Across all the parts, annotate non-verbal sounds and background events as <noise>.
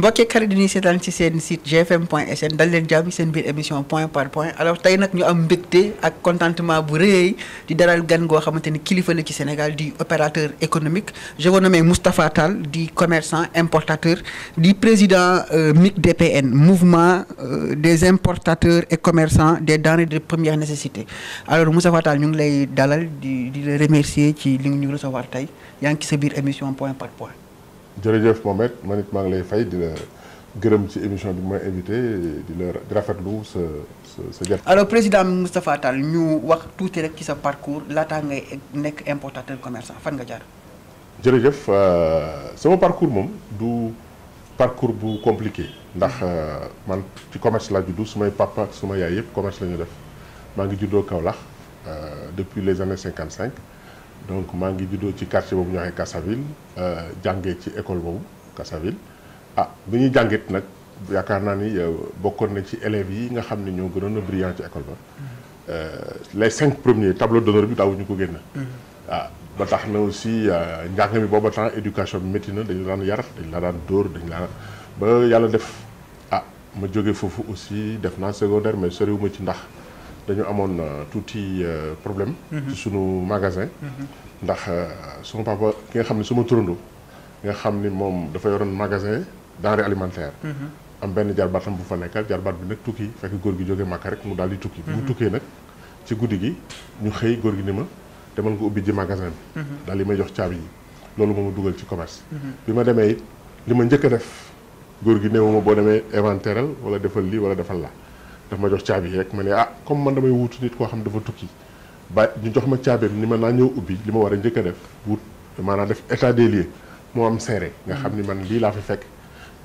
mbokk xarit yi seetaan ci seen site gfm point sn dal leen jàmm seen biir émission point par point alors tey nag ñu am mbégte ak contentement bu rëy di dalal gan goo xamante ni kilifa la ci Sénégal di opérateur économique je vous nomme Moustapha Tall di commerçant importateur di président euh, MIC DPN mouvement euh, des importateurs et commerçants des denrées de première nécessité alors Moustapha Tall ñu ngi lay dalal di di la remercier ci li ñu recevoir tey yaa ngi ci biir émission point par point. jërëjëf Mohamed man it maa ngi lay fay di gërëm ci émission bi ma invité di rafet rafetlu sa sa sa alors président Moustapha Tall ñu wax tuuti rek ci sa parcours laataa ngay nekk important importateur commerçant fan nga jaar. jërëjëf euh, sama parcours moom du parcours bu compliqué ndax mhm. euh, man ci commerce laa juddu sumay papa suma yaay yëpp commerce la def maa ngi juddoo Kaolack euh, depuis les années 55. donc maa ngi juddoo ci quartier boobu ñu waxee Kassaville euh, jàngee ci école boobu Kassaville ah bi ñuy jàngit nag yaakaar naa ni euh, bokkoon na ci élèves yi nga xam ne ñoo gënoon a brillant ci école ba euh, les cinq premiers tableau d'honneur bi daawuñu ko génn mm-hmm. ah ba tax na aussi njàng mi booba temps éducation bi métti na dañu daan yar dañu la daan dóor dañu la ba yàlla def ah ma jóge foofu aussi def naa secondaire mais soriwuma ci ndax dañu amoon euh, tuuti euh, problème. Mhm. ci sunu magasin. Mhm. ndax euh, suma papa ki nga xam ne suma turando nga xam ni moom dafa yoroon magasin denrée alimentaire. Mhm. am benn jarbaatam bu fa nekkal jarbaat bi nag tukki fekk góor gi jóge Màkka rek mu daal di tukki. bu mu tukkee nag ci guddi gi ñu xëy góor gi ni ma demal ko ubbi ji magasin bi. daal li may jox caabi yi loolu moom dugal ci commerce. bi ma demee it li ma njëkk a def góor gi néewuma boo demee inventaire wala defal lii wala defal la daf ma jox caabi yi rek ma ne ah comme man damay wutu nit koo xam dafa tukki ba ñu jox ma caabeem ni ma naa ñëw ubbi li ma war a jëkk a def wut naa def état des lieux moo am seere nga xam ni man lii laa fi fekk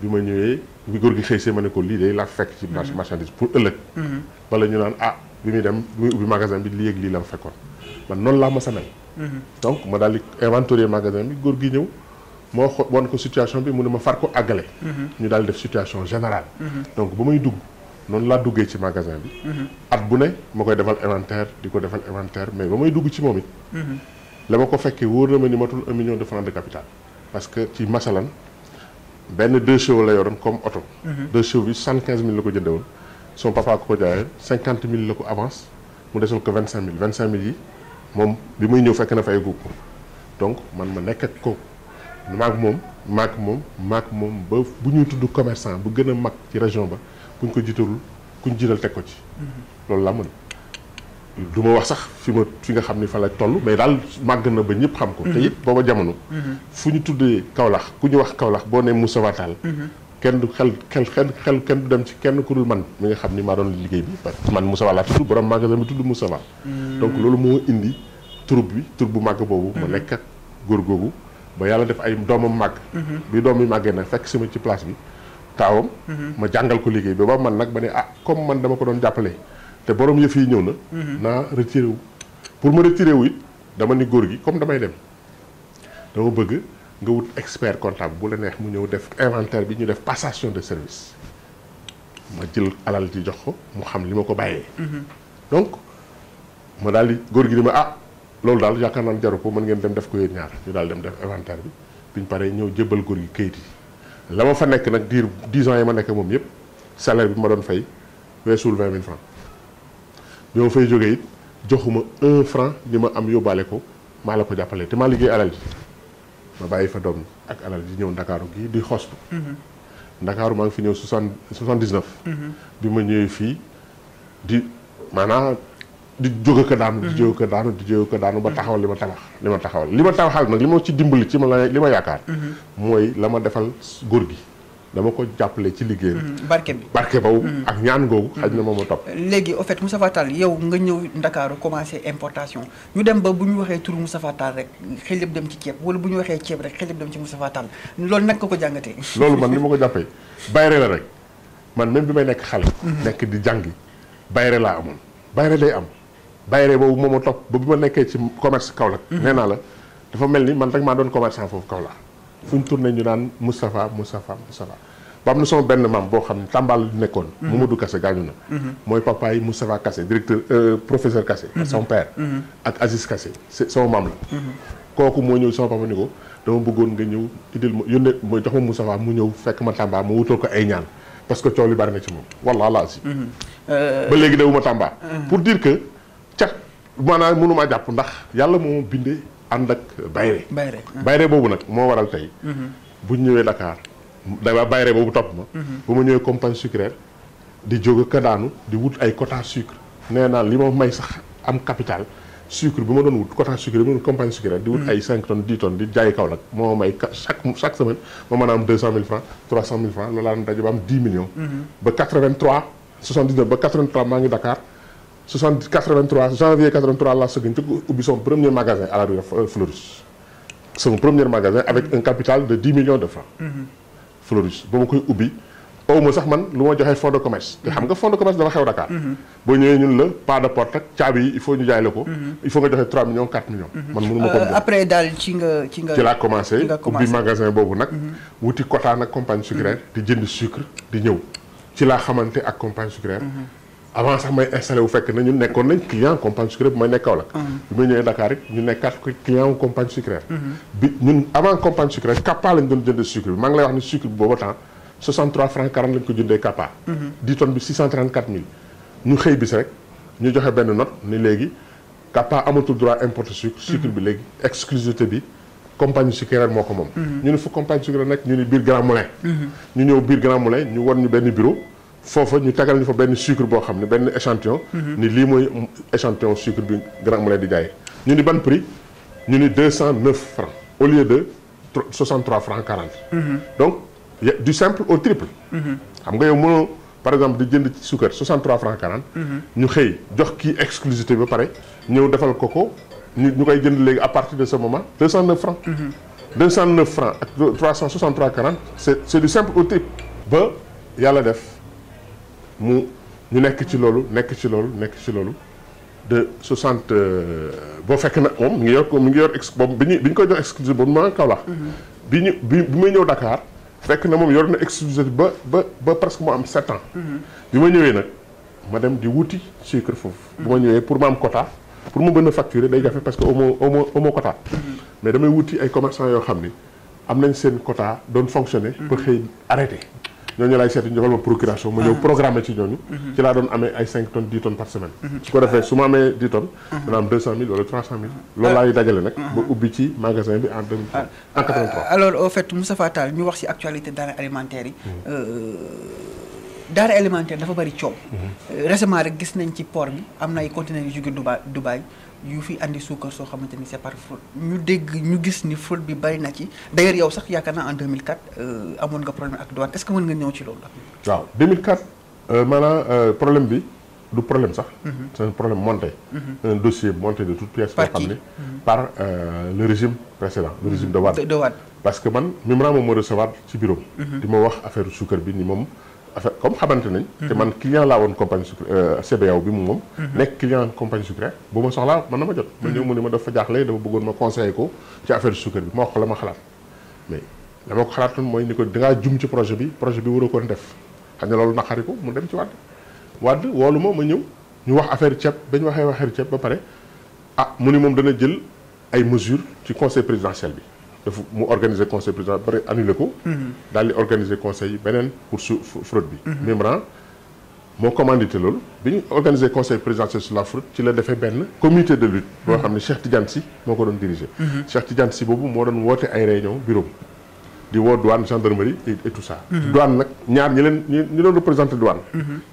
bi ma ñëwee bi góor gi xëy see ma ne ko lii de laa fekk ci marché mm-hmm. marchandise pour ëllëg mm-hmm. bala ñu naan ah bi muy dem bi muy ubbi magasin bi lii ak lii la ma fekkoon man noonu laa ma sa mel mm-hmm. donc ma daal di inventorier magasin bi góor gi ñëw moo xo wan ko situation bi mu ne ma far ko ñu daal def situation générale donc ba may dugg noonu laa duggee ci magasin bi. Mm-hmm. at bu ne ma koy defal inventaire di ko defal inventaire mais ba may dugg ci moom it. Mm-hmm. la ma ko fekkee wóor na ma ni matul un million de francs de capital. parce que ci masalan benn deux chevaux la yoroon comme oto. Mm-hmm. deux chevaux bi cent quinze mille la ko jëndee woon. son papa ko ko jaayee cinquante mille la ko avance mu desul ko vingt cinq mille vingt cinq mille yi moom bi may ñëw fekk na fay guub ko donc man ma nekk ak ko maag moom maag moom maag moom ba bu ñuy tudd commerçant bu gën a mag ci région ba. kuñ ko jiitalul kuñ jiital teg ko ci. loolu laa mën du ma wax sax fi ma fi nga xam ni fa la toll mais daal màgg na ba ñëpp xam ko. te it booba jamono. fu ñu tuddee kawlax ku ñu wax Kaolack boo ne Moussa Watal. kenn du xel xel xel xel kenn du dem ci kenn ku dul man mi nga xam ni maa doon liggéey bi parce que man Moussa Watal laa tudd borom magasin bi tudd Moussa Watal. donc loolu moo indi tur bi tur bu màgg boobu. ma nekk ak góor googu ba yàlla def ay doomam màgg. bi doom màggee nag fekk sama ci place bi. taawam. Mhm. ma jàngal ko liggéey bi ba man nag ba ne ah comme man dama ko doon jàppale te boroom yëf yi ñëw na. Mhm. naa retiré wu pour ma retiré wu it dama ni góor gi comme damay dem dama bëgg nga wut expert comptable bu la neex mu ñëw def inventaire bi ñu def passation de service ma jël alal ji jox ko mu xam li ma ko bàyyee. Mhm. donc ma daal di góor gi ni ma ah loolu daal yaakaar naan jaru ko mën ngeen dem def ko yéen ñaar ñu daal dem def inventaire bi biñ paree ñëw jébbal góor gi kayit yi. la ma fa nekk nag diir 10 ans yi ma nekk moom yëpp salaire bi ma doon fay weesuwul 20 000 francs bi ma fay jógee it joxuma un franc li ma am yóbbaale ko maa la ko jàppale te maa liggéey alal ji ma bàyyi fa doom ak alal ji ñëw ndakaaru gi di xostu mhm. ndakaaru maa ngi fi ñëw 79 mhm. bi ma ñëwee fii di maanaam di jóg ak daanu di mm-hmm. jóg ak daanu di jóg ak daanu ba mm-hmm. taxawal li ma tabax li ma taxawal li ma tabaxal nag li ma ci dimbali ci ma la li ma yaakaar mm-hmm. mooy la ma defal góor gi dama ko jàppale ci liggéey barke bi barke boobu ak ñaan googu xaj na moom a topp léegi au fait Moustapha Tall yow nga ñëw Ndakaaru commencé importation ñu dem ba bu ñu waxee turu Moustapha Tall rek xel yëpp dem ci ceeb wala bu ñu waxee ceeb rek xel yëpp dem ci Moustapha Tall loolu nag nga ko jàngatee <laughs> loolu man ni ma ko jàppee bayre la rek man même bi may nekk xale nekk di jàngi bayre laa amoon bayre lay am daayira boobu moo ma topp ba bi ma nekkee ci commerce Kaolack. Mhm. nee naa la dafa mel ni man rek maa doon commerçant foofu Kaolack fu ñu tourné ñu naan Moustapha Moustapha Moustapha ba am na sama benn maam boo xam ne Tàmbaal nekkoon. Mhm. Mamadou Kassé gaañu mhm. mooy papa yi Moustapha Kassé directeur euh, professeur Kassé. son père. ak Aziz Kassé sama maam la. kooku moo ñëw sama papa ko dama bëggoon nga ñëw indil ma yu mooy jox ma Moustapha mu ñëw fekk ma Tamba mu wutal ko ay ñaan parce que coow li bari na ci moom wallaahi. ba léegi dawuma Tamba. Euh, euh. pour dire ca maanaam mënumaa jàpp ndax yàlla moo bindee ànd ak bayre ah. bayre boobu nag moo waral tey mhm. bu ñëwee Dakar dama bayre boobu topp ma mhm. bu ma ñëwee compagnie sucrière di jóg a kadaanu di wut ay quota sucre nee naa li ma may sax am capital sucre bi ma doon wut quota sucre bi ma doon compagnie sucrière di wut mhm. ay 5 tonnes 10 tonnes di jaay kaw nag moo may chaque semaine ma mën a am 200000 francs 300000 francs loolu laa daje ba am 10 millions maa ngi Dakar 60 83 janvier 83 laa soog a njëkk ubbi son premier magasin à la rue euh, premier magasin avec un capital de 10 millions de francs. Mhm. Fleurus ba ma koy ubbi. aw sax man lu ma joxee fonds de commerce. Mhm. te xam nga fonds de commerce dafa xew Dakar. Mhm. boo ñëwee ñun la pas de porte ak caabi yi il faut ñu jaay la ko. il faut nga joxe 3 millions 4 millions. man mënu ma ko euh, après daal ci nga ci nga. di jënd sucre di ci laa xamante ak compagnie sucrière. avant sax may installé wu fekk na ñun nekkoon nañ client Compagne Sucrière bu may nekk Kaolack. Ah. bi ma ñëwee Dakar ñu nekkaat ko client wu Compagne Sucrière. Mm-hmm. bi ñun avant Compagne Sucrière Kappa lañ doon jëndee sucre bi maa ko jëndee Kappa. 10 mm-hmm. tonnes bi 634 000 ñu xëy bis rek ñu joxe benn note ni léegi Kappa amatul droit importer sucre. Mm-hmm. sucre bi léegi exclusivité bi. compagnie sucrière moo ko moom. ñu ne fu compagnie sucrière nekk ñu ni biir Grand Moulin. ñu ñëw biir Grand Moulin ñu won ñu benn bureau. foofa ñu tagal ñu fa benn sucre boo xam ne benn échantillon. Mhm. ni lii mooy échantillon sucre bi Grand Moulin di jaayee. ñu ni ban prix ñu ni deux cent neuf francs au lieu de soixante trois francs quarante. Mhm. donc du simple au triple. Mhm. xam nga yow mënoo par exemple di jënd ci suukar 63 francs 40. ñu xëy jox kii exclusivité ba pare ñëw defal ko ko ñu ñu koy jënd léegi à partir de ce moment 209 francs. 209 francs ak 363 40 c'est c'est du simple ba yàlla def. mu ñu nekk ci loolu nekk ci loolu nekk ci loolu de 60 euh, boo fekk na moom mi ngi yor mi ngi yor ex boobu bi ñu bi koy jox exclusive boobu ma Kaolack mm-hmm. bi ñu bi bi may ñëw dakaar fekk na moom yor na exclusive ba ba ba presque mu am 7 ans mm-hmm. bi ma ñëwee nag ma dem di wuti sucre foofu bu ma mm-hmm. ñëwee pour ma am quota pour mu mën a facturer day jafe parce que amoo amoo moo quota mais damay wuti ay commerçant yoo xam ni am nañ seen quota doon fonctionner pour xëy arrêter ñooñu laay seeti ñu defal ma procuration ma ñëw ah. programmé ci ñooñu mm-hmm. ci laa doon amee ay 5 tonnes 10 tonnes par semaine mm-hmm. su ko defee su ma amee 10 tonnes mm-hmm. dana am 200 000 wala 300 000 ah. loolu laay dajale nag ba ubbi ci magasin bi en 2003 ah. en 83 alors au ñu wax si actualité denrées alimentaires yi mm. euh, daal alimentaire dafa bari coow. Mhm. récemment rek gis nañ ci poor bi am na ay conteneurs yu jóge Dubaï Dubaï yu fi andi suukar soo xamante ni c'est par fraude ñu dégg ñu gis ni fraude bi bari na ci d'ailleurs yow sax yaakaar naa en 2004 euh, amoon nga problème ak douane est-ce que mën nga ñëw ci loolu. waaw 2004 euh, maanaam euh, problème bi du problème sax. Mhm. c'est un problème monté. Mhm. un dossier monté de toutes pièces. par boo xam ne par le régime précédent le régime moo recevoir ci suukar bi ni moom. affaire comme xamante nañ. te mhm. man client laa woon compagnie sucre euh, CBAO bi mu moom. Mhm. nekk client compagnie sucre bu ma soxlaa mën na ma jot. ma ñëw mhm. mu ne ma dafa jaaxle dafa bëggoon ma conseiller ko ci affaire sucre bi ma wax ko ma xalaat mais la ma ko xalaatoon mooy ni ko dangaa jum ci projet bi projet bi waroo koon def xam ne loolu naqari ko mu dem ci wàdd wàdd woolu ma ma ñëw ñu wax affaire ceeb ba ñu waxee affaire ceeb ba pare ah mu ni moom dana jël ay mesures ci conseil présidentiel bi. dafa mu organiser conseil président ba mhm. daal di organiser conseil beneen pour su fraude bi. Mimran mhm. moo commandité loolu bi ñu organiser conseil présidentiel sur la fraude ci la defee benn comité de lutte. boo mhm. xam ne Cheikh Tidiane Sy moo ko doon diriger. Cheikh Tidiane Sy boobu moo doon woote ay réunion bureau di woo douane gendarmerie et tout ça. douane nag ñaar ñi leen ñi doon représenté douane.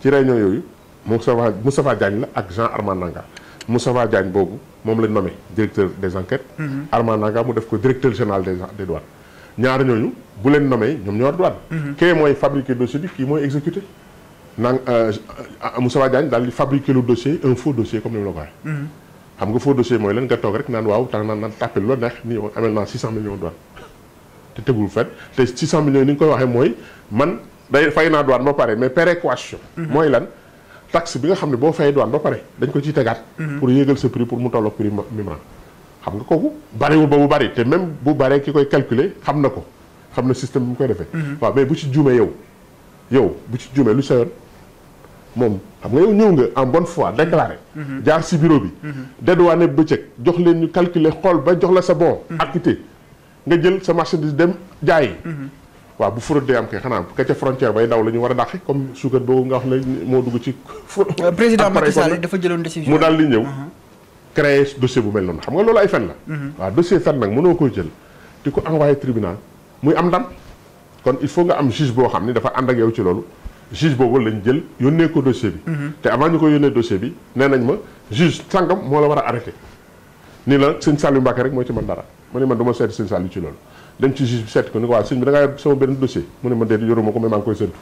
ci réunion yooyu Moustapha Moustapha Diagne la ak Jean Armand Nanga Moustapha Diagne boobu. moom la nommé directeur des enquêtes. Mhm. Armand Nangaa mu def ko directeur général des des douanes. ñaar ñooñu bu leen nommé ñoom ñoo war douane. Mhm. mooy fabriquer dossier bi kii mooy exécuté. naan euh, Moustapha Diagne daal di fabriquer le dossier un faux dossier comme ni mu la ko waxee. Mhm. xam nga faux dossier mooy leen nga toog rek naan waaw tax naan naan tàppale loo neex nii amel naa 600 millions douane. te tegul fet te 600 millions ni nga koy waxee mooy man day fay naa douane ba pare mais péréquation. mooy lan. taxe bi nga xam ne boo fay douane ba pare dañ ko ciy tegaat. Mhm. pour yéegal sa prix pour mu tolloog prix Mimran xam nga kooku bariwul ba bu bari te même bu baree ki koy calculer xam na ko xam na système bi mu koy defee. Mhm. waaw mais bu ci jumee yow yow bu ci juumee lu sa yoon moom xam nga yow ñëw nga en bonne fois déclaré. Mhm. jaar si biro bi. dédouané bëccëg jox leen ñu calculer xool ba jox la sa bon. acquitté nga jël sa marchandise dem jaayi. waaw bu fraude day am kay xanaa ka ca frontière bay daw la war a dàqi comme suukar boobu nga wax ne moo dugg ci. <laughs> Euh, président Macky Sall dafa jëloon décision mu daal di ñëw. Uh-huh. créer dossier bu mel noonu xam nga loolu ay fen la. Uh-huh. waaw dossier fen nag mënoo koo jël di ko envoyé tribunal muy am ndam kon il faut nga am juge boo xam ne dafa ànd ak yow ci loolu juge boobu lañ jël yónnee ko dossier bi. Uh-huh. te avant ñu ko yónnee dossier bi nee nañ ma juge sangam moo la war a arrêté. ni la sëñ Saliou Mbacké rek moo ci man dara ma ne man du ma dem ci juge bi seet ko ni ko waaw sëñ bi da ngaa sama benn dossier mu ne ma déet yoruma ko mais maa ngi koy séntu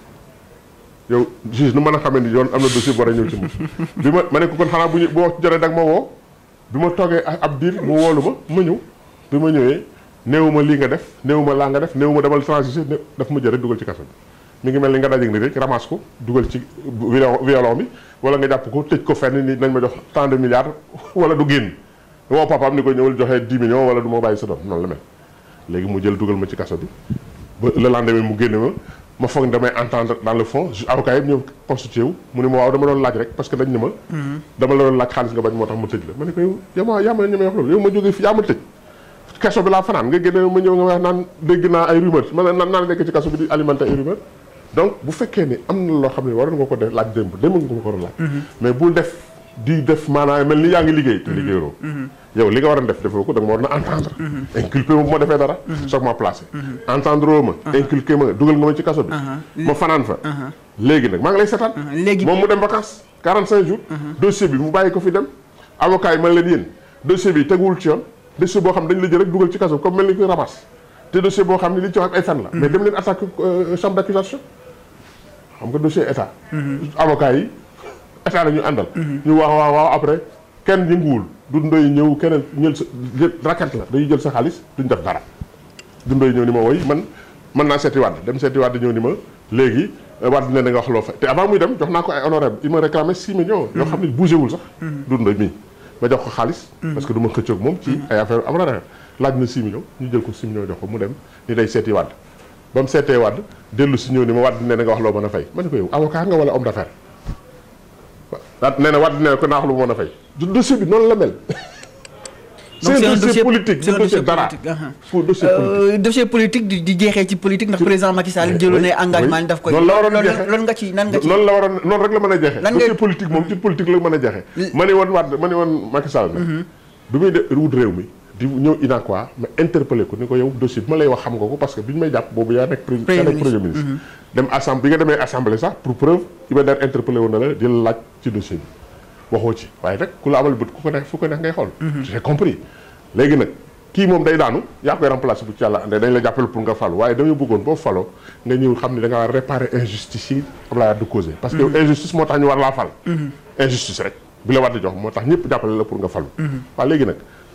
yow juge nu mën a xamee ni yoon am na dossier bu war a ñëw ci moom <laughs> bi ma ma ne ko kon xanaa bu ñu bu wax ci jotee ma toogee ab diir mu woolu ma ma ñëw bi ma ñëwee néewu ma lii nga def néewu ma laa nga def néewu ma demal transiger daf ma jël rek ci kaso bi ngi mel ni nga dajeeg ni rek ko dugal ci violon bi wala nga jàpp ko tëj ko fenn ni nañ ma jox tant de <laughs> wala du génn woo papaam joxee 10 millions wala du ma bàyyi sa doom noonu la mel léegi mu jël dugal ma ci kaso bi ba le lendemain mu génne ma ma foog ne damay entendre dans le fond avocat yëpp ñëw constitué mu ne ma waaw dama doon laaj rek parce que dañ ne ma hmm. dama la doon laaj xaalis ma tëj la ma ne ko yow yaa dégg naa ay rumeur ma naan naa nekk ci kaso ay rumeur donc bu fekkee ne am na loo xam ne waroon nga ko def laaj démb démb nga ko waroon laaj hmm. mais bul def di def maanaam mel ni yaa ngi liggéey te hmm. liggéeyoo yow li nga war a def defoo ko da ma war na entendre mhm. inculpé ma bu ma defee dara mhm. soog mhm. ma placé entendre oo ma inculpé ma dugal nga ma ci kaso bi ma fanaan fa léegi nag maa ngi lay seetaan moom mu dem vacances quarante cinq jours dossier bi mu bàyyi ko fi dem avocat yi man leen yéen dossier bi teguwul ci yoon dossier boo xam dañ la jël rek dugal ci kaso comme mel ni koy rabas te dossier boo xam ne li ci wax ay fen la mais dem leen attaque euh, xam nga dossier état avocat yi la ñu àndal ñu waaw waaw waaw après kenn yënguwul du ndoy ñëw keneen ñël sa racket la dañuy jël sa xaalis duñ def dara du ndoy ñëw ni ma woy man man naa seeti Wade dem seeti Wade ñëw ni ma léegi eh, Wade ne wax loo fa te avant muy dem jox naa ko ay honorable il ma réclamé six millions yoo xam ne bougé wul sax du ndoy ma jox ko xaalis parce que du ma xëccoog moom ci ay affaire am la laaj na six millions ñu jël ko six millions jox ko mu dem ni day seeti Wade ba mu seetee Wade dellu si ñëw ni ma Wade ne da nga wax loo mën a fay ma ne ko yow avocat nga wala homme d'affaires daat nee na waat nee na ko naax lu mën a fay du dossier bi noonu la mel <laughs> c'est un dossier politique c'est un dossier dara pour uh-huh. euh, di jeexee ci politique ndax président Macky Sall jëloon ne engagement ni daf koy loolu nga ci nan nga ci loolu la waroon noonu rek la mën a jeexee dossier politique moom ci politique la mën a jeexee ma ne woon waat ma ne woon Macky Sall mm-hmm. muy de wut réew mi di ñëw inaqua ma interpellé ko ni ko yow dossier bi ma lay wax xam nga ko parce que bi ñu may jàpp boobu yaa nekk yaa nekk premier ministre mm-hmm. dem assemblée bi nga demee assemblée sax pour preuve Iba Der interpellé woon na la di la laaj ci dossier bi waxoo ci waaye nag ku la amal bët ku ko neex ngay xool mm-hmm. j'ai compris léegi nag kii moom day daanu yaa koy remplacé bu ci yàlla andee dañ la jàppale pour nga falu waaye dañoo bëggoon boo falo nga ñëw da nga war réparer injustice yi Abdoulaye mm-hmm. Wade moo tax ñëpp jàppale la pour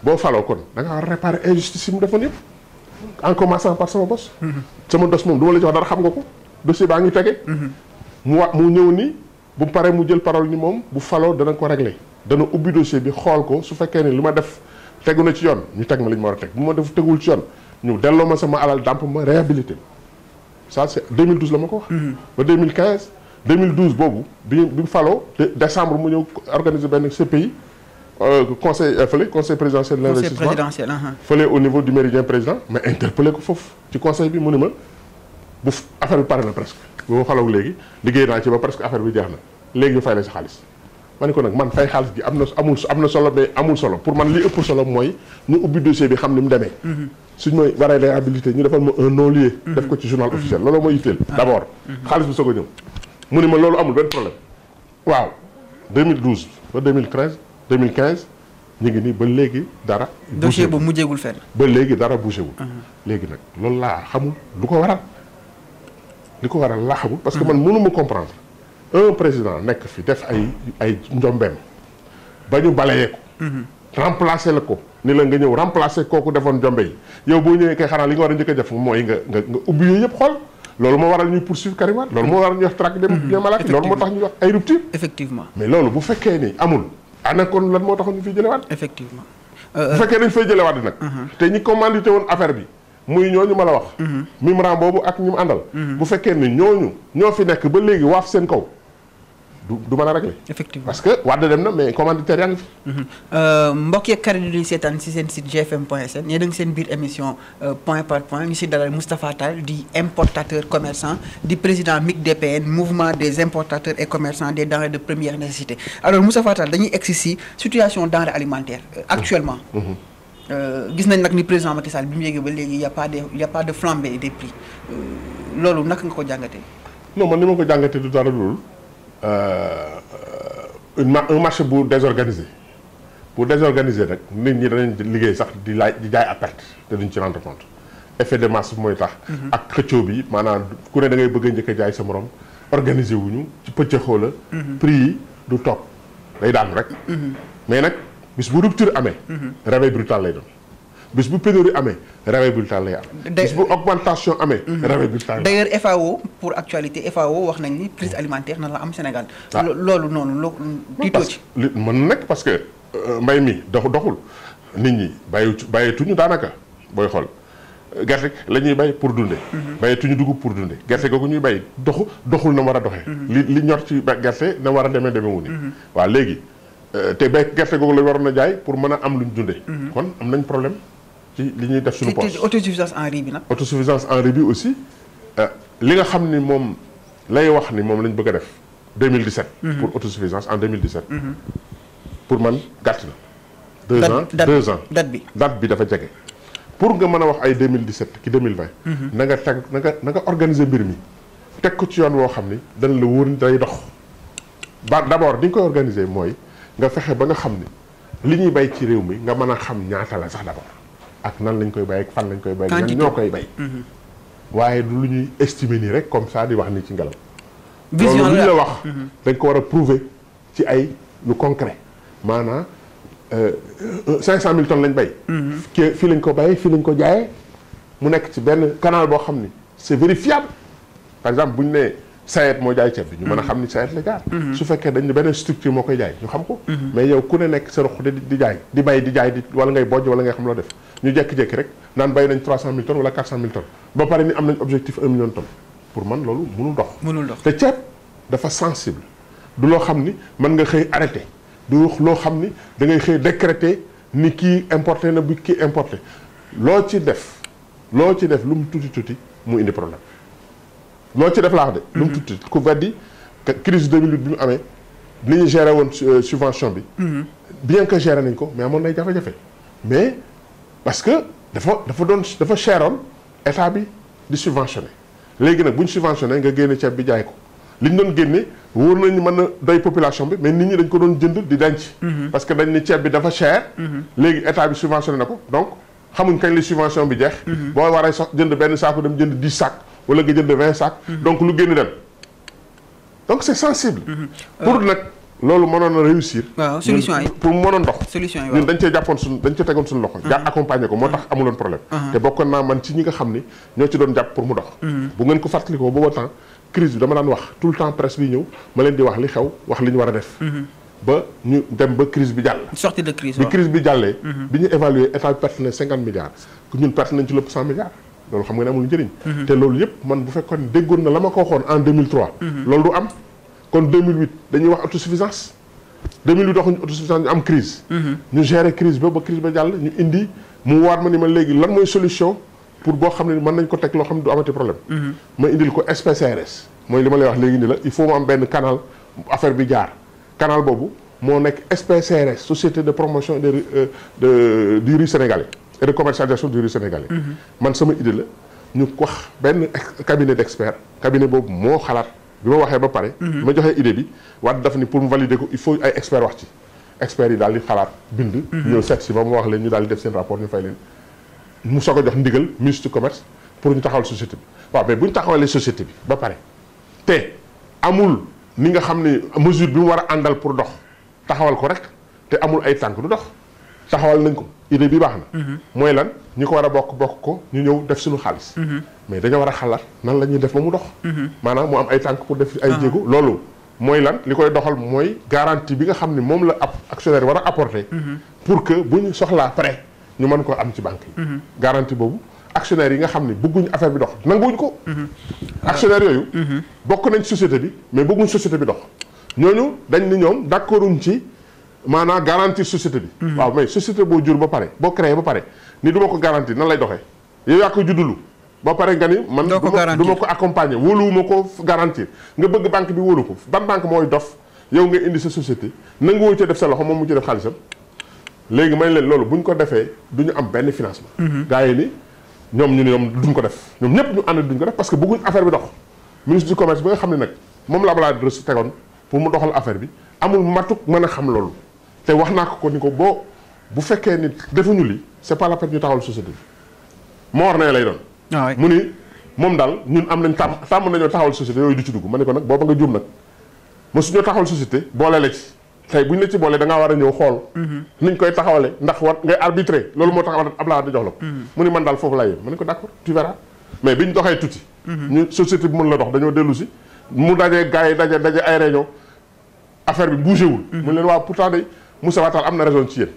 boo faloo kon da nga war réparer injustice yi mu defoon yëpp en commençant par sama bos sama dos moom du ma la jox dara xam nga ko dossier baa ngi tege mu wa mu ñëw nii bu paree mu jël parole ni moom bu faloo dana ko régler dana ubbi dossier bi xool ko su fekkee ne li ma def tegu na ci yoon ñu teg ma lañu ma war a teg bu ma def tegul ci yoon ñu delloo ma sama alal dàmp ma réhabilité ça c'est 2012 la ma ko wax ba 2015 2012 boobu bi bi mu faloo décembre mu ñëw organiser benn CPI Euh, conseil euh, fële conseil présidentiel de l'investissement conseil présidentiel uh-huh. fële au niveau du méridien président mais interpellé ko foofu ci conseil bi mu ni ma bu affaire bi pare na presque bu ma falaw léegi liggéey naa ci ba presque affaire bi jeex na léegi ñu fay la sa xaalis ma ne ko nag man fay xaalis gi am na solo mais amul solo pour man li ëpp solo mooy ñu ubbi dossier bi xam ni mu demee mm-hmm. suñ mooy waree réhabilité ñu defal ma un non lieu mm-hmm. def ko ci journal mm-hmm. officiel ah. ma loolu amul benn problème 2015 ñu ngi nii ba léegi dara. dossier bu mujjeegul fenn. ba léegi dara bougé wul. Uh-huh. léegi nag loolu laa xamul lu ko waral li ko waral laa xamul. parce que man uh-huh. mënu ma comprendre un président nekk fi def ay ay njombeem ba ñu balayee ko. Uh-huh. remplacer la ko ni la nga ñëw remplacer kooku defoon njombe yi yow boo ñëwee kay xanaa li nga war a njëkk a def mooy nga nga nga ubbi yooyu yëpp xool. loolu moo waral ñuy poursuivre Karim Wade loolu moo waral ñuy wax traque des biens effectivement mais loolu bu fekkee ni amul ana kon lan moo taxoon ñu fiy jëlewaat. effectivement. bu euh, euh, fekkee dañ fay jëlewaat nag. Mhm. te ñi commandité woon affaire bi. muy ñooñu ma la wax. Mhm. Mimran boobu ak ñu mu àndal. Mhm. bu fekkee ne ñooñu ñoo fi nekk ba léegi waaf seen kow du du mën a régler. effectivement parce que Wade dem na mais commanditaire yaa ngi fi. Mhm. Euh, mbokk seetaan si seen site gfm point sn yéen a seen biir émission euh, point par point ñu si dalal Moustapha Tall di importateur commerçant di président MICDPN mouvement des importateurs et commercant des denrées de première nécessité alors Moustapha Tall dañuy egsi si situation denrée alimentaire euh, mhm. actuellement. Mhm. gis nañ nag ni président Macky Sall bi mu yéegee ba léegi a pas y' a pas de loolu naka nga ko jàngatee. non man ni ma loolu. Euh, une un marché bu désorganisé bu désorganisé rek nit ñi danañ liggéey sax di laaj di jaay à perte te duñ ci rendre compte effet de masse mooy tax. Mhm. ak xëccoo bi maanaam ku ne da ngay bëgg a njëkk a jaay sa morom wu ñu ci pëccëxoo la. Mhm. prix yi du toog day daanu rek. Mhm. mais nag bis bu rupture amee. réveil brutal lay doon. bis bu pénurie amee rabais bulletin lay am. bis bu augmentation amee. Mhm. rabais bulletin d' ailleurs FAO pour actualité FAO wax nañ ni crise alimentaire nan la am Sénégal. Ah. loolu noonu loo tiitoo ci. li mën nekk parce que euh, mbay mi dox doxul nit ñi bàyyi bàyyeetuñu daanaka booy xol gerte lañuy bay pour dunde mhm. bayetuñu dugub pour dunde gerte googu ñuy bay doxu doxul na war a doxee mhm. li li ñor ci gerte na war a demee demewu ni waaw léegi euh, te bay gerte googu lañ waroon a jaay pour mën a am luñ dunde kon am nañ problème ci li ñuy def suñu poche autosuffisance en riz bi nag. autosuffisance en riz bi aussi euh, li nga xam ni moom lay wax ni moom lañ bëgg a def 2017. Mhm. pour autosuffisance en 2017. Mhm. pour man gàtt na. deux ans deux ans date bi date bi dafa jege. pour nga mën a wax ay 2017 ki 2020. Mhm. na nga tag na nga na nga organiser mbir mi. teg ko ci yoon woo xam ni dana la wóor ni day dox. ba d' abord ni nga koy organiser mooy nga fexe ba nga xam ni li ñuy bay ci réew mi nga mën a xam ñaata la sax d' abord. ak nan lañ koy bay ak fan lañ koy bay ñan ñoo koy bay mhm. waaye du lu ñuy estimer nii rek comme ça di wax ni ci ngelaw loolu lu ñu la wax mhm. dañ ko war a prouver ci ay lu concret maanaa euh, euh, cinq cent mille tonnes lañ bay mhm. fii lañ ko bay fii lañ ko jaayee mu nekk ci benn canal boo xam ni c'est vérifiable par exemple bu ñu nee saet moo jaay ceeb bi ñu mën a mm-hmm. xam ni saet la jaar mm-hmm. su fekkee dañ beneen structure moo koy jaay ñu xam ko mm-hmm. mais yow ku ne nekk sa roq di di jaay di bay di jaay di wala ngay bojj wala ngay xam loo def ñu jekki-jekki rek naan bay nañ 300000 tonnes wala 400000 tonnes ba pare ni am nañ objectif 1 million tonnes pour man loolu mënul dox te ceeb dafa sensible du loo xam ni mën nga xëy arrêté du loo xam ni da ngay xëy décrété ni kii importé na bu kii importé loo ci def loo ci def lu mu tuuti tuuti mu indi problème loolu ci def laax de. lu mu tuuti mhm. ku weddi crise de 2008 bi mu amee ni ñu géré woon euh, subvention bi. Mhm. bien que géré nañ ko mais amoon nay jafe mais parce que dafa dafa doon dafa cheroon état bi di subventionné léegi nag bu ñu subventionné nga génne ceeb bi jaay ko li ñu doon génne wóor nañu mën a doy population bi mais nit ñi dañ ko doon jënd di denc. Mhm. parce que dañ ni ceeb bi dafa cher. léegi état bi subventionné na ko donc xamuñ kañ li subvention bi jeex. boo waree sax jënd benn saako dem jënd 10 sacs. wala nga jënd vingt sacs. Mhm. donc lu génn dem donc c' sensible. Mhm. Euh. pour nag loolu mënoon a réussir. waaw solution yi pour mu mënoon dox. solution yi ñun dañ cee jàppoon suñ dañ cee tegoon suñu loxo. ja mhm. accompagner ko moo tax amuloon problème. te bokkoon naa man ci ñi nga xam ni ñoo ci doon jàpp pour mu dox. bu ngeen ko fàttalikoo booba temps crise bi dama daan wax tout le temps presse bi ñëw ma leen di wax li xew wax li ñu war a def. ba ñu dem ba crise bi jàll. sortie de crise bi crise bi jàllee. bi ñu évaluer état bi perte na cinquante milliards ñun perte nañ ci lépp cent milliards. loolu xam nga ne amul njëriñ. Mhm. te loolu yëpp man bu fekkoon ne déggoon na la ma ko waxoon en 2003. Mhm. loolu du am kon 2008 dañuy wax autosuffisance 2008 waxuñu autosuffisance ñu am crise mhm. ñu gérer crise boobu ba crise ba jàll ñu indi mu waar ma ni ma léegi lan mooy solution pour boo xam ne mën nañ ko teg loo xam ne du amati problème. ma indil ko SPCRS mooy li ma lay wax léegi ni la il faut mu am benn canal affaire bi jaar kanaal boobu moo nekk SPCRS société de promotion euh, de du riz et de commercialisation du riz mhm. man sama idée la ñu wax benn cabinet d' expert cabinet boobu moo xalaat bi ma waxee ba pare. bi mhm. ma joxee idée bi Wade dafa ni pour mu valider ko il faut ay expert wax ci experts yi daal di xalaat bind. Mhm. ñëw seet si ba mu wax leen ñu daal di def seen rapport ñu fay leen mu soog a jox ndigal ministre du commerce pour ñu taxawal société bi waaw mais bu ñu taxawalee société bi ba pare te amul ni nga xam ne mesure bi mu war a àndal pour dox taxawal ko rek te amul ay tànk dox taxawal nañ ko. idée bi baax na. Mhm. mooy lan ñi ko war a bokk bokk ko ñu ñëw def suñu xaalis. Mhm. mais dañoo war a xalaat nan la ñuy def ba mu dox. Mhm. maanaam mu am ay tànk pour def ay ah. jéego loolu. mooy lan li koy doxal mooy garantie bi nga xam ne moom la ab actionnaire war a apporter. pour que bu ñu soxlaa prêt ñu mën ko am ci banque yi. garantie boobu actionnaire yi nga xam ne bëgguñu affaire bi dox nanguwuñ ko. actionnaire yooyu. bokk nañ société bi mais bëgguñ société bi dox ñooñu dañ ni ñoom d'accorduñ ci. maanaa garantir société bi. Mhm. waaw mais société boo jur ba pare boo créé ba pare ni du ma ko garantir na lay doxee yow yaa ko juddulu ba pare nga ni man du ma ko accompagner wóoluwuma ko garantir nga bëgg banque bi wóolu ko ban banque mooy dof yow nga indi sa société nanguwoo ca def sa loxo moom mu ci def xaalisam léegi may leen loolu bu ñu ko defee du ñu am benn financement mhm. gars yi ni ñoom ñu ne ñoom duñ ko def ñoom ñëpp ñu ànd duñ ko def parce que bëgguñ affaire bi dox ministre du xam ne nag moom la balaa tegoon pour mu doxal affaire bi amul matuk mën a xam loolu te wax naa ko ko ni ko boo bu fekkee nit defu defuñu li c'est pas la peine ñu taxawal société bi moo war na lay doon. Ah mu ni moom daal ñun am nañ tàmm tàmm nañoo taxawal société yooyu du ci dugg ma ne ko nag booba nga juum nag mosuñoo taxawal société boole la ci. tey bu ñu la ci boolee da ngaa war a ñëw xool. Mhm. niñ koy taxawale ndax war ngay arbitré loolu moo tax Abdoulaye Wade jox la ko. Mhm. mu ni man daal foofu laa yem ma ne ko d'accord tu verras mais biñ doxee tuuti. Mhm. ñu société bi mën la dox dañoo dellu si mu dajee gars yi daje daje ay réunion affaire bi bougé mu waa pourtant Moussa am na raison ci yéen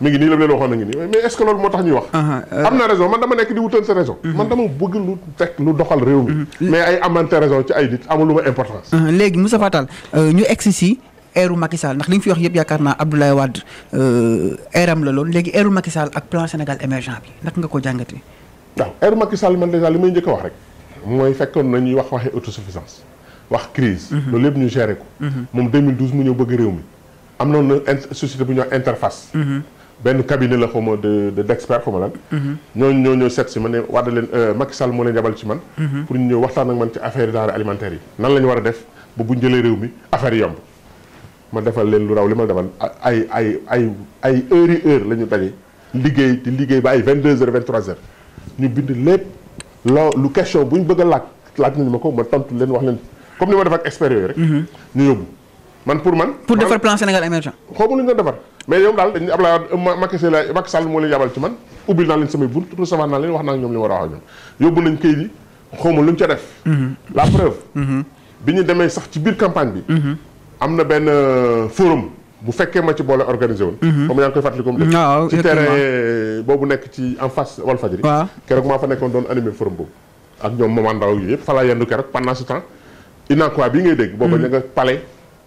mi ngi nii la leen waxoon na ngi nii mais est que loolu moo tax ñuy wax euh, am na raison man dama nekk di wutal sa raison mhm. man dama bëgg lu fekk lu doxal réew mi mhm. mais ay amante raison ci ay nit amul lu ma importance léegi Moussa Fatal euh, ñu egsi si eeru Macky Sall ndax li ñu fi wax yëpp yaakaar naa Abdoulaye Wade eeram euh, la loon léegi eeru Macky Sall ak plan Sénégal émergent bi naka nga ko jàngatee waaw eeru Macky Sall man dèjà li may njëkk a wax rek na ñuy wax waxee autosuffisance wax crise mhm. loolu lépp ñu géré ko moom 2012 mi am noonu société bu ñu wax interface. Mm-hmm. benn cabinet la xaw ma de d' expert ma lan. Mm-hmm. ñooñu ñoo ñëw seet si ma ne wàdd leen euh, Macky Sall moo leen yabal ci man. Mm-hmm. pour ñu ñëw waxtaan ak man ci affaire denrées alimentaires yi. nan la ñu war a def ba bu ñu jëlee réew mi affaire yomb ma defal leen lu raw li ma defal ay ay ay ay heures yi heure la ñu daje liggéey di liggéey ba ay vingt deux heures vingt trois heures ñu bind lépp loo lu question bu ñu bëgg a laaj laaj nañu ma ko ma tontu leen wax leen comme ni ma def ak rek. ñu man pour man. pour defar plan Sénégal émergent. xaw ma lu ñu doon defar mais yow daal dañuy Abdoulaye Macky Sall Macky Sall moo leen yabal ci man ubbil naa leen samay bunt recevoir naa leen wax naa ak ñoom li ma war a wax ñoom yóbbu nañ kayit yi xaw ma lu ñu ca def. Mm-hmm. la preuve. Mm-hmm. bi ñu demee sax ci biir campagne bi. Mm-hmm. am na benn euh, forum bu fekkee ma ci boole organisé woon. comme yaa koy fàttali comme def ah, ci terrain boobu nekk ci en face Walfadjri. waaw keroog maa fa nekkoon doon animé forum boobu. ak ñoom Momar Ndao yooyu yëpp fa laa yendu keroog pendant ce temps bi ngay dégg. boobu ña nga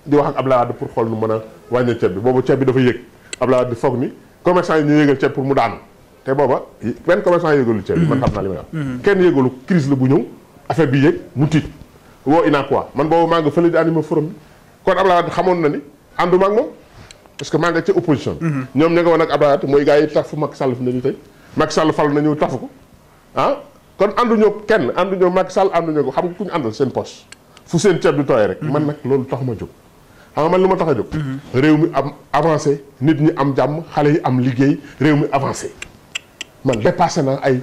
di wax ak Abdoulaye Wade pour xool nu mën a wàññi ceeb bi boobu ceeb bi dafa yëg Abdoulaye Wade foog ni commerçant yi ñu yëgal ceeb pour mu daanu te booba benn commerçant yëgalu ceeb bi man xam naa li may wax mm-hmm. kenn yëgalu bi yëg mu tiit woo inaakuoi man boobu maa nga fële di animé xamoon na ni ànduma ak moom que maa nga ca opposition bi mm-hmm. ñoom ña nga woon ak Abdoulaye Wade mooy gars yi tax fu Macky Sall fi ne nii tey Macky Sall fal na ñëw tafu ko ah kon ànduñoo kenn ànduñoo Macky Sall ànduñoo ko xam seen poche fu seen ceeb di rek mm-hmm. man nag loolu tax ma jóg xam man lu ma tax a jóg. Mhm. réew mi am avancé nit ñi am jàmm xale yi am liggéey réew mi avancé man dépassé naa ay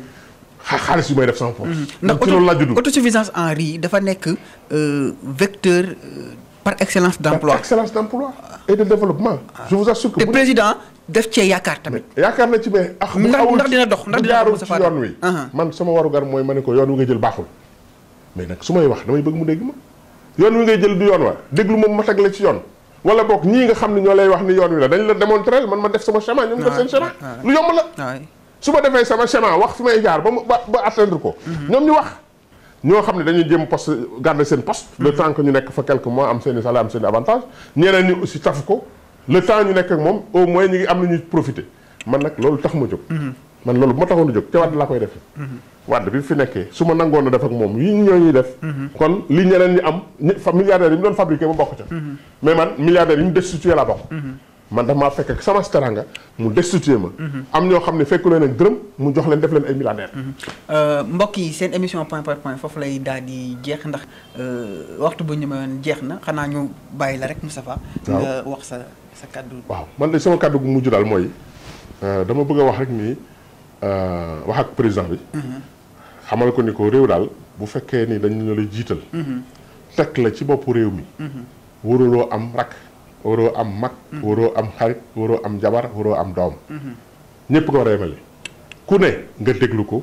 xaalis yu may def sama poche. Mhm. ndax ci loolu laa judd autosuffisance en riz dafa nekk euh, vecteur euh, par excellence d' emploi par excellence d' emploi et de développement. Ah. je sa assure que te président def cee yaakaar tamit. yaakaar na ci mais. ah ndax dina dox ndax dina dox ci yoon wi. Uh-huh. man sama warugar mooy ma ne ko yoon wi nga jël baaxul mais nag su may wax damay bëgg mu dégg ma. yoon wi ngay jël du yoon wa déglu moom ma teg la ci yoon wala book ñii nga xam ne ñoo lay wax ni yoon wi la dañ la démontrer man ma def sama chemin ñoom def seen chemin ah, ah, ah. lu yomb la su ma defee sama chemin wax fi may jaar ba ba atteindre ko mhm. ñoom ñu wax ñoo xam ne dañuy jëm poste garder seen poste le mhm. temps ñu nekk fa quelques mois am seeni i salaire am seen i avantage ñeneen ñi aussi tafu ko le temps ñu nekk ak moom au moins ñu ngi am na ñu profité man nag loolu tax ma jóg mhm. man loolu bu ma taxoon a jóg ca Wade laa koy def Wade bi fi nekkee su ma nangoon a def ak moom yi ñooñuy def kon li ñeneen ñi am milliardaires yi mu doon fabriqué ma bokk ca mais man milliardaires yi mu destitué laa bokk man dafa maa fekk ak sama teranga mu destitué ma am ñoo xam ne fekku leen ak dërëm mu jox leen def leen ay milliardaires euh, mbokk yi seen émission point par point foofu lay daal di jeex ndax euh, waxtu bu ñu mayoon jeex na xanaa ñu bàyyi la rek Moustapha nga wax sa sa kaddu waaw man de sama kaddu gu mujj daal mooy euh, dama bëgg a wax rek nii Euh, wax ak président bi. xamal ko ni ko réew daal bu fekkee ni dañu la jiital. teg la ci boppu réew mi. waruloo am rakk waroo am mag. waroo am xarit waroo am jabar waroo am doom. ñëpp ko war a yemale ku ne nga déglu ko.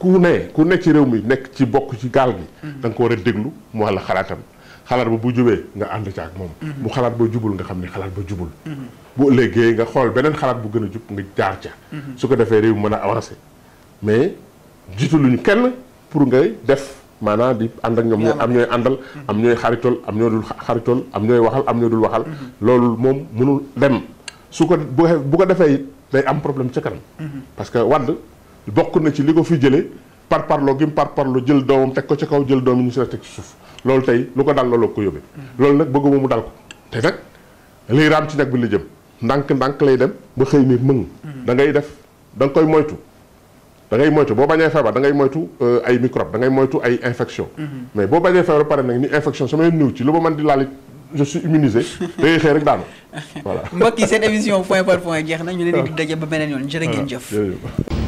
ku ne ku ne ci réew mi nekk ci bokk ci gaal gi. da nga ko war a déglu mu wax la xalaatam. xalaat ba bu jubee nga ànd ci moom mm-hmm. bu xalaat ba jubul nga xam ne xalaat ba jubul mm-hmm. bu ëllëgee nga xool beneen xalaat bu gën a jub nga jaar ca mm-hmm. su ko defee réew mën a avancé mais jiitu luñu kenn pour ngay def maanaam di ànd ak ñoom ñooy am ñooy àndal am ñooy xaritool am ñoo dul xaritool am ñooy waxal am ñoo dul waxal loolu moom mënul dem su ko bu ko defee it day am problème ca kanam parce que wadd bokk na ci li ko fi jëlee par parloo gi mu par parloo jël doomam teg ko ca kaw jël doom yi ñu teg ci suuf loolu tey lu ko dal loolu ko yóbbee loolu nag bëgguma mu dal ko te nag liy raam ci nag bi la jëm ndànk-ndànk lay dem ba xëy ni mëng da ngay def da nga koy moytu da ngay moytu boo bañee feebar da ngay moytu euh, ay microbe da ngay moytu ay infection mm-hmm. mais boo bañee feebar pare nag ni infection sama yoon niw ci lu ma mën di laal je suis immunisé day xëy rek daanu <laughs> voilà mbokk yi seen émission point par point jeex na ñu leen di ah. daje ba beneen yoon jërë jëf